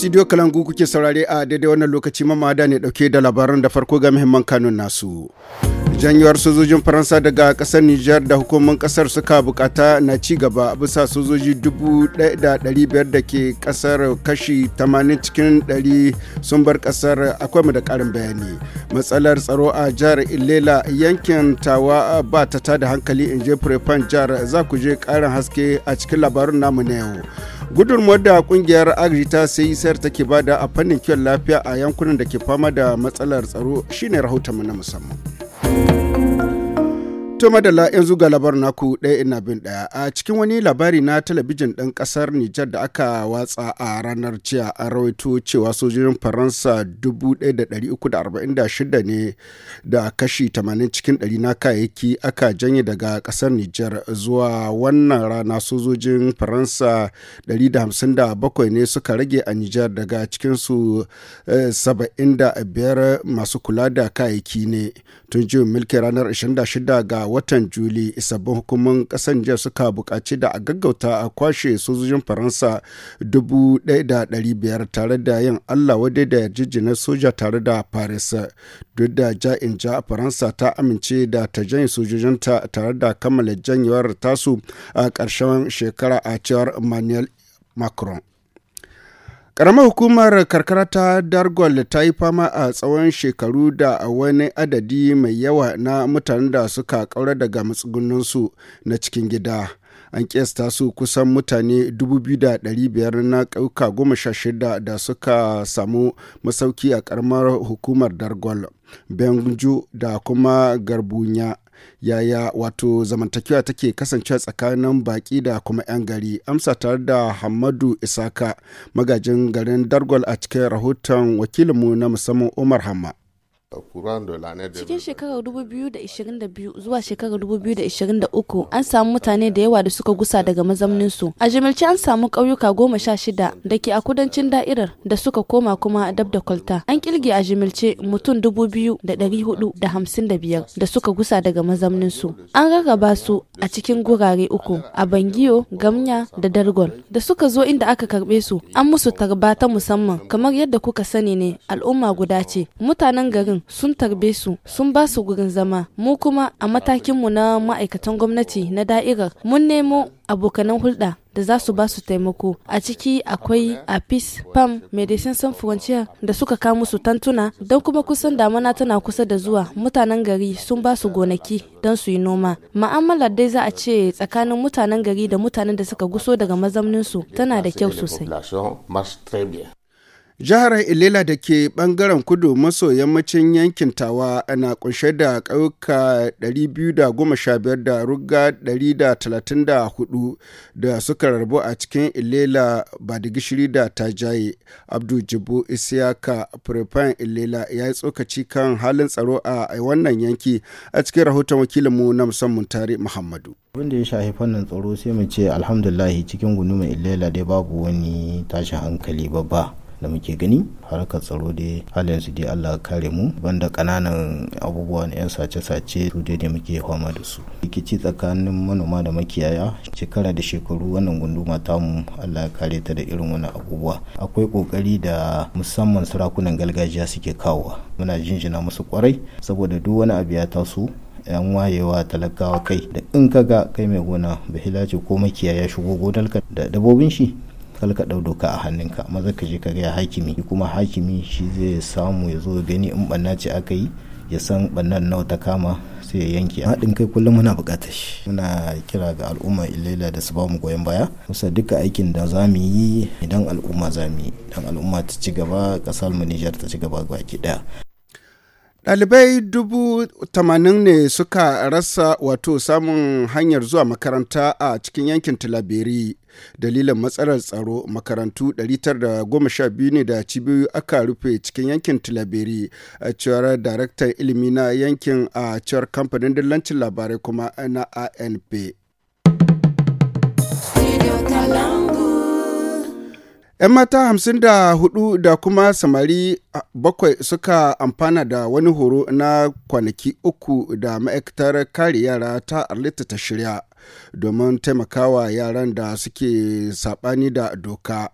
Studio Kalangu kuke saurare a daidai wannan lokaci mamada ne dauke da labaran da farko ga muhimman kanun nasu. janyuwar sojojin faransa daga kasar niger da hukumomin kasar suka bukata na ci gaba bisa sojoji 1,500 da ke kasar kashi 80 cikin 100 sun bar kasar akwai mu da karin bayani matsalar tsaro a jihar ilela yankin tawa ba ta tada hankali in je jihar za ku je karin haske a cikin labarun namu na yau gudunmuwar da kungiyar agri ta sai sayar take bada a fannin kiwon lafiya a yankunan da ke fama da matsalar tsaro shine rahoton na musamman To madalla yanzu ga labar naku ɗaya ina bin ɗaya a cikin wani labari na talabijin ɗan ƙasar Nijar da aka watsa a ranar jiya a rawaito cewa sojojin Faransa 1,346 ne da kashi 80 cikin 100 na kayayyaki aka janye daga ƙasar Nijar zuwa wannan rana sojojin Faransa 157 ne suka rage a Nijar daga cikinsu 75 eh, masu kula da kayayyaki ne tun jiya mulkin ranar 26 ga watan Juli sabbin hukumar kasan jiya suka bukaci da a gaggauta a kwashe sojojin Faransa 1,500 tare da yin Allah wadai da yarjejinar soja tare da Paris. Duk da ja'in ja Faransa ta amince da ta janye sojojinta tare da kammala janyewar tasu a ƙarshen shekara a cewar manuel Macron. Ƙaramar hukumar karkara ta Dargol ta yi fama a tsawon shekaru da a wani adadi mai yawa na mutanen da suka ƙaura daga matsugunansu na cikin gida. An kesta su kusan mutane 2,500 na ƙauka 16 da suka samu masauki a ƙaramar hukumar Dargol, Benju da kuma Garbunya. yaya wato zamantakewa take kasancewa tsakanin baki da kuma 'yan gari amsa tare da hamadu isaka magajin garin dargwal a cikin rahoton wakilinmu na musamman umar hamma Cikin shekarar 2022 zuwa shekarar 2023 an samu mutane da yawa da suka gusa daga mazamninsu. A jimilci an samu ƙauyuka goma sha shida da ke a kudancin da'irar da suka koma kuma dab da kwalta. An ƙirge a jimilce mutum 2,455 da suka gusa daga mazamninsu. An rarraba su a cikin gurare uku a Bangiyo, Gamya da Dargon da suka zo inda aka karɓe su. An musu tarba ta musamman kamar yadda kuka sani ne al'umma guda ce. Mutanen garin sun tarbe su sun ba su gurin zama mu kuma a matakinmu na ma'aikatan gwamnati na da'irar mun nemo abokanan hulɗa da za su ba su taimako a ciki akwai a peace pam medicine sans frontier da suka kawo musu tantuna don kuma kusan damana tana kusa da zuwa mutanen gari sun ba su gonaki don su yi noma ma'amalar dai za a ce tsakanin mutanen gari da mutanen da suka guso daga mazamninsu tana da kyau sosai Jihar Ilela da ke bangaren kudu maso yammacin yankin Tawa na kunshe da ƙauyuka 215 da ruga 134 da suka rabu a cikin Ilela ba da gishiri da ta Tajaye. Abdu Jibu Isiyaka Firfan Ilela ya yi tsokaci kan halin tsaro a wannan yanki a cikin rahoton wakilinmu na musamman Tare Muhammadu. abin da ya shafi fannin tsaro sai mu ce alhamdulahi cikin gunumin Ilela dai babu wani tashin hankali babba. da muke gani harkar tsaro dai halin su dai Allah kare mu banda kananan abubuwan yan sace-sace su dai da muke fama da su rikici tsakanin manoma da makiyaya shekara da shekaru wannan gunduma mu. Allah kare ta da irin wani abubuwa akwai kokari da musamman sarakunan gargajiya suke kawo muna jinjina musu kwarai saboda duk wani abu ya taso yan wayewa talakawa kai da in kaga kai mai gona bahila ce ko makiyaya shigo gonarka da dabobin shi kar ka ɗau doka a hannunka maza ka je ka gaya hakimi kuma hakimi shi zai samu ya zo gani in banna ce aka yi ya san bannan nawa ta kama sai ya yanke haɗin kai kullum muna buƙatar shi muna kira ga al'umma ilaila da su ba mu goyon baya kusa duka aikin da za mu yi idan al'umma za mu yi idan al'umma ta ci gaba ƙasar mu Nijar ta ci gaba baki ɗaya Ɗalibai dubu tamanin ne suka rasa wato samun hanyar zuwa makaranta a cikin yankin Tilaberi dalilin matsalar tsaro makarantu 912 ne da cibiyoyi aka rufe cikin yankin tilaberi a cewar daraktan ilimi na yankin a cewar kamfanin dillancin labarai kuma na anp 'yan mata hamsin da hudu da kuma samari bakwai suka amfana da wani horo na kwanaki uku da ma'aikatar kare yara ta arlita ta shirya domin taimakawa yaran da suke sabani da doka.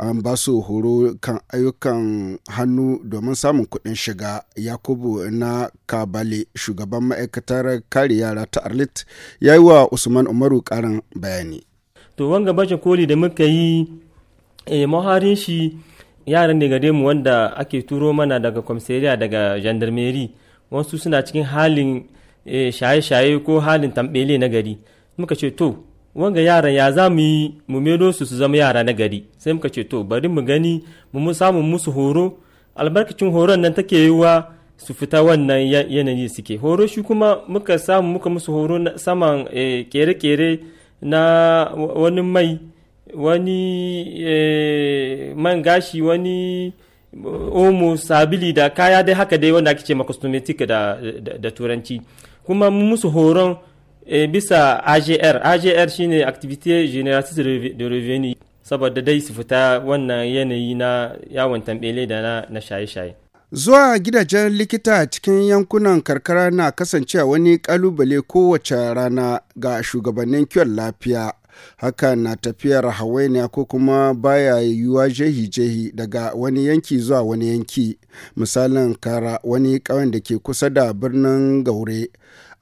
an ba su horo kan ayyukan hannu domin samun kuɗin shiga yakubu na kabale shugaban ma'aikatar kare yara ta arlit ya yi wa usman umaru ƙarin bayani to wanga baje koli da muka yi e, eh, maharin shi yaran daga mu wanda ake turo mana daga kwamsariya daga gendarmerie wasu suna cikin halin Eh, shaye-shaye ko halin tambele na gari muka ce to wanga yaran ya za mu yi mu melo su su zama yara na gari sai muka ce to bari mu gani mu samu musu horo albarkacin horon nan take wa su fita wannan yanayi suke horo shi kuma muka samu muka musu horo saman eh, kere-kere na wani mai wani eh, man gashi wani omo sabili da kaya dai haka dai wanda ake ce ma da turanci kuma musu horon e, bisa agr agr shine activité génératrice de revenu saboda dai su fita wannan yanayi na yawon tambele da na, na shaye-shaye zuwa gidajen likita cikin yankunan karkara na kasancewa wani kalubale kowace rana ga shugabannin kiwon lafiya haka na tafiyar hawainiya ko kuma baya yiwuwa jehi-jehi daga wani yanki zuwa wani yanki misalin kara wani ƙauyen da ke kusa da birnin gaure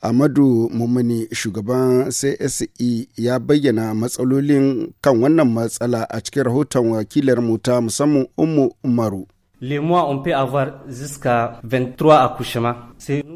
amadu mumuni shugaban cse ya bayyana matsalolin kan wannan matsala a cikin rahoton wakilar ta musamman umu umaru Le mois on peut avoir jusqu'à 23 accouchements.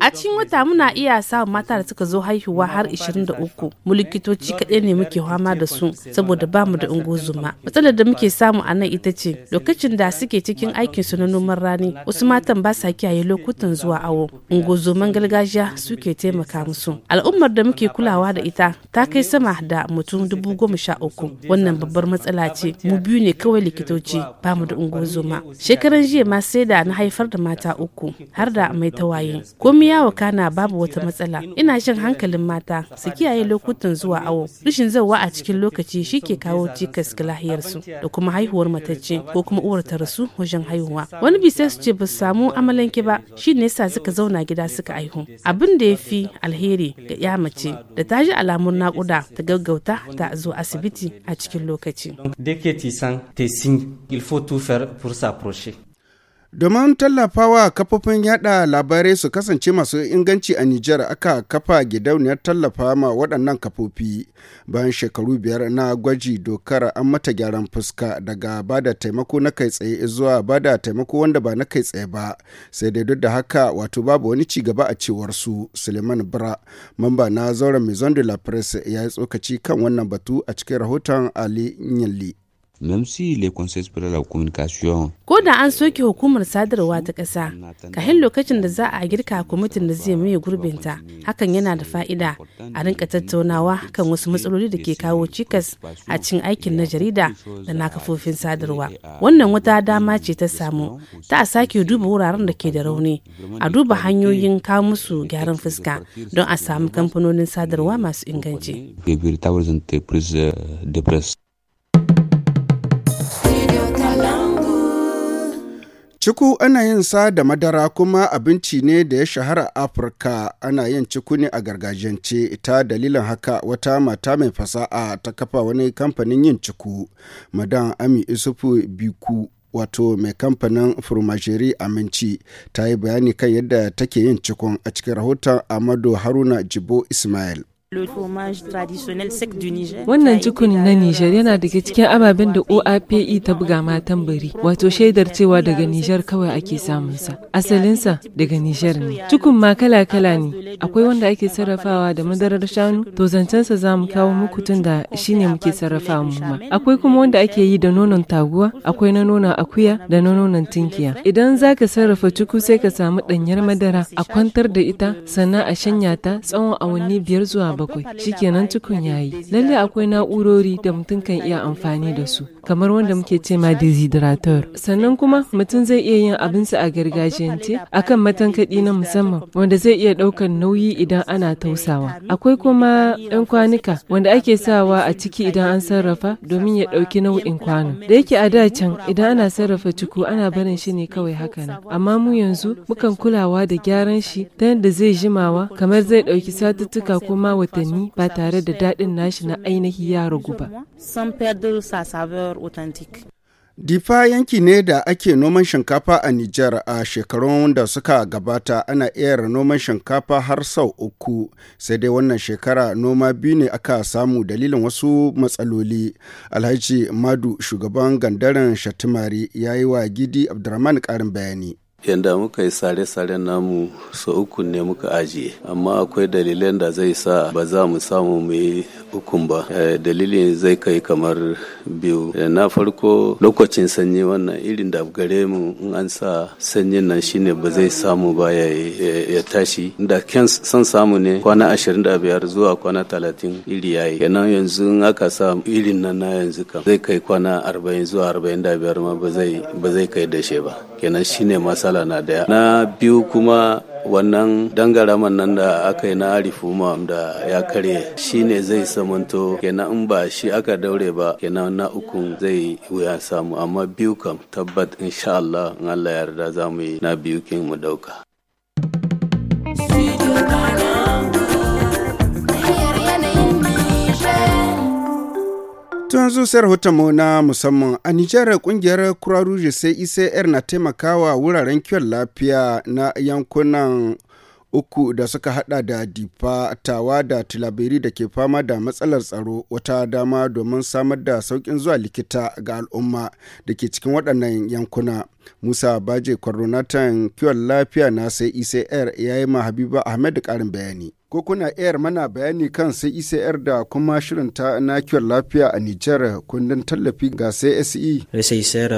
A cikin wata muna iya sa mata da suka zo haihuwa har 23 mu likitoci kaɗai ne muke fama da su saboda ba mu da unguzuma. Matsalar da muke samu a nan ita ce lokacin da suke cikin aikin su na noman rani wasu matan ba sa kiyaye lokutan zuwa awo. Unguzuman gargajiya suke taimaka musu. Al'ummar da muke kulawa da ita ta kai sama da mutum dubu goma sha uku. Wannan babbar matsala ce mu biyu ne kawai likitoci ba mu da unguzuma. Shekaran jiya ma sai da na haifar da mata uku har da mai tawaye komi ya wakana babu wata matsala ina shan hankalin mata su kiyaye lokutan zuwa awo rashin zawa a cikin lokaci shi ke kawo cikas ga lahiyarsu da kuma haihuwar matacce ko kuma uwar ta rasu wajen haihuwa wani bisa su ce ba su samu amalanke ba shi ne yasa suka zauna gida suka aihu abin da ya fi alheri ga ya mace da ta ji alamun nakuda ta gaggauta ta zo asibiti a cikin lokaci. Domin tallafawa kafofin yada labarai su kasance masu inganci a Nijar aka kafa gidauniyar tallafa ma waɗannan kafofi bayan shekaru biyar na gwaji dokar an mata gyaran fuska daga bada taimako na kai tsaye zuwa bada taimako wanda ba na kai tsaye ba sai dai duk da haka wato babu wani ci gaba a cewar su Suleiman Bra mamba na zauren Maison de la Presse ya yi tsokaci kan wannan batu a cikin rahoton Ali Nyalli. même le Conseil pour la communication. Ko da an soke hukumar sadarwa ta ƙasa, kahin lokacin da za a girka kwamitin da zai maye gurbinta, hakan yana da fa'ida a rinka tattaunawa kan wasu matsaloli da ke kawo cikas a cikin aikin na jarida da na kafofin sadarwa. Wannan wata dama ce ta samu ta a sake duba wuraren da ke da rauni, a duba hanyoyin kawo musu gyaran fuska don a samu kamfanonin sadarwa masu inganci. Ciku ana yin sa da madara kuma abinci ne da ya shahara Afirka ana yin ciku ne a gargajiyance ita dalilin haka wata mata mai fasa'a ta kafa wani kamfanin yin ciku. Madan Ami Isufu Biku wato mai kamfanin furmasheri aminci ta yi bayani kan yadda take yin cikon a cikin rahoton Amadu Haruna Jibo Ismail. Wannan jikun na Nijar yana daga cikin ababen da OAPE e ta buga matan bari, wato shaidar cewa daga Nijar kawai ake samunsa. Asalinsa daga Nijar ne. Jikun ma kala-kala ne, akwai wanda ake sarrafawa da madarar shanu, to zancensa za mu kawo muku tun da shi ne muke sarrafa mu ma. Akwai kuma wanda ake yi da nonon taguwa, akwai na nonon akuya da na nonon tinkiya. Idan za ka sarrafa cuku sai ka samu ɗanyar madara, a kwantar da ita, sannan a shanya ta tsawon awanni biyar zuwa bakwai shikenan tukun yayi lalle akwai na'urori da mutum kan iya amfani da su kamar wanda muke ce ma desiderator sannan kuma mutum zai iya yin abinsa a gargajiyance akan matankaɗi na musamman wanda zai iya ɗaukar nauyi idan ana tausawa akwai kuma 'yan kwanuka wanda ake sawa a ciki idan an sarrafa domin ya ɗauki nau'in kwano. da yake a da can idan ana sarrafa cuku ana barin shi ne kawai haka nan amma mu yanzu mukan kulawa da gyaran shi ta yadda zai jimawa kamar zai ɗauki satuttuka ko ma da ni ba tare da daɗin nashi na ainihi ya ragu ba. Difa yanki ne da ake noman shinkafa a Nijar a shekarun da suka gabata ana iya noman shinkafa har sau uku sai dai wannan shekara noma biyu ne aka samu dalilin wasu matsaloli. Alhaji Madu shugaban gandaren Shatimari ya yi wa Gidi Abdurrahman ƙarin bayani. yadda muka yi sare-saren namu so uku ne muka ajiye amma akwai dalilan da zai sa ba za mu samu mu yi ukun ba eh, dalilin zai kai kamar biyu eh, na farko lokacin sanyi wannan irin da gare mu in an sa sanyin nan shine ba zai samu ba ya tashi da kyan san samu ne kwana ashirin da biyar zuwa kwana talatin iri yayi kenan yanzu in aka sa irin nan na yanzu kam zai kai kwana arba'in zuwa arba'in da biyar ma ba zai kai dashe ba kenan shine masa matsala na daya na biyu kuma wannan dangaraman nan da aka yi na rifuma da ya karye shi ne zai samanto kenan in ba shi aka daure ba kenan na uku zai wuya samu amma biyu kam tabbat insha Allah in Allah yarda za mu yi na biyu kin mu dauka. cikin rahoton mu na musamman a nijar kungiyar croix rouge sai icr na taimakawa wuraren kiwon lafiya na yankunan uku da suka hada da difa tawa da tilaberi da ke fama da matsalar tsaro wata dama domin samar da saukin zuwa likita ga al'umma da ke cikin waɗannan yankuna Musa Baje Coronatan kiwon lafiya na sai ICR ya yi ma Habiba Ahmed karin bayani. Ko kuna air mana bayani kan sai ICR da kuma shirin ta na kiwon lafiya a Nijar kundin tallafi ga CSE? E? icr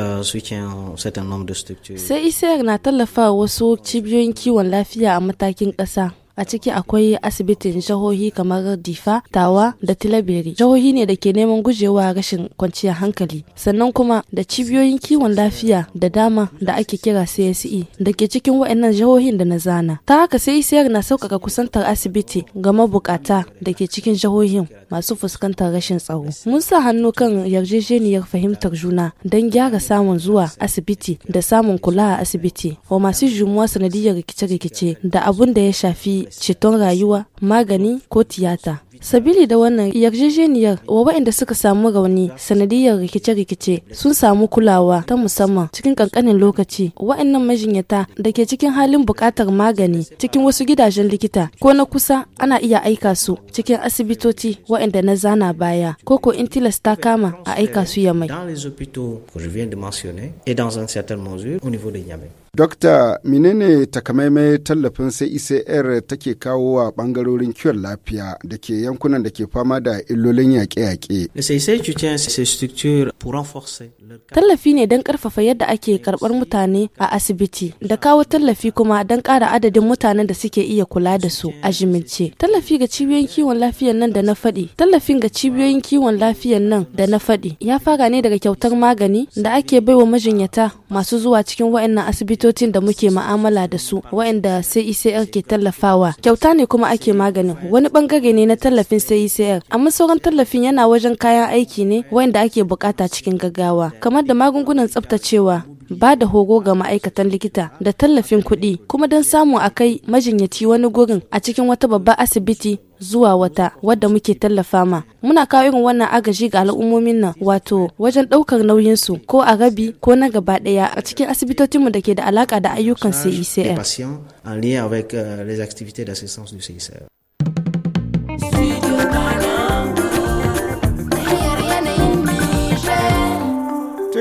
uh, uh, na tallafa wasu cibiyoyin kiwon lafiya a matakin ƙasa. a ciki akwai asibitin jihohi kamar difa tawa da tilaberi jihohi ne da ke neman gujewa rashin kwanciyar hankali sannan kuma da cibiyoyin kiwon lafiya da dama da ake kira cse da ke cikin waɗannan jihohin da na zana ta haka sai csr na sauƙaƙa kusantar asibiti ga mabukata da ke cikin jihohin masu fuskantar rashin tsaro mun sa hannu kan yarjejeniyar fahimtar juna don gyara samun zuwa asibiti da samun kula a asibiti wa masu jumuwa sanadiyar rikice-rikice da abun da ya shafi ceton rayuwa magani ko tiyata Sabili da wannan yarjejeniyar wa waɗanda suka samu rauni sanadiyar rikice-rikice sun samu kulawa ta musamman cikin kankanin lokaci. Waɗannan majinyata da ke cikin halin buƙatar magani cikin wasu gidajen likita ko na kusa ana iya aika su cikin asibitoci waɗanda na zana baya ko ko in tilasta kama a aika su ya mai. Dokta, menene takamaimai tallafin sai ICR take kawo wa ɓangarorin kiwon lafiya da ke yankunan da ke fama da illolin yaƙe-yaƙe. Tallafi ne don karfafa yadda ake karɓar mutane a asibiti da kawo tallafi kuma don kara adadin mutanen da suke iya kula da su a jimince. Tallafi ga cibiyoyin kiwon lafiyan nan da na faɗi. Tallafin ga cibiyoyin kiwon lafiyan nan da na faɗi ya fara ne daga kyautar magani da ake baiwa majinyata masu zuwa cikin wayannan asibitocin da muke ma'amala da su wayanda sai ICR e ke tallafawa. Kyauta ne kuma ake maganin wani bangare ne na tallafi tallafin CICR e amma sauran tallafin yana wajen kayan aiki ne wanda ake bukata cikin gaggawa kamar da magungunan tsaftacewa ba da hogo ga ma'aikatan likita da tallafin kuɗi kuma don samun a kai majinyaci wani gurin a cikin wata babbar asibiti zuwa wata wadda muke tallafa ma muna kawo irin wannan agaji ga al'ummomin nan wato wajen ɗaukar nauyinsu ko a rabi ko na gaba ɗaya a cikin asibitocinmu da ke da alaƙa da ayyukan CICR. E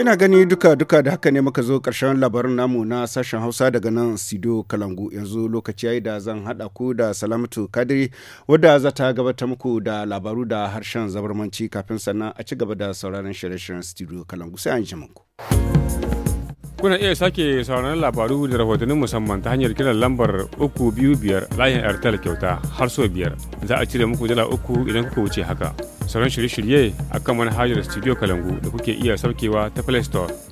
ina gani duka-duka da haka ne muka zo karshen labarin namu na sashen Hausa daga nan Sido Kalangu yanzu lokaci yi da zan haɗa ku da Salamatu Kadiri wadda za ta gabata muku da labaru da harshen zabarmanci kafin sannan a ci gaba da sauraron shirye-shiryen Studio Kalangu sai an ji muku. kuna iya sake sauraron labaru da rahotannin musamman ta hanyar kiran lambar 325 layin airtel kyauta har so biyar za a cire muku dala uku idan kuka wuce haka sauran shirye-shirye a kan manhajar Studio Kalangu da kuke iya saukewa ta Play Store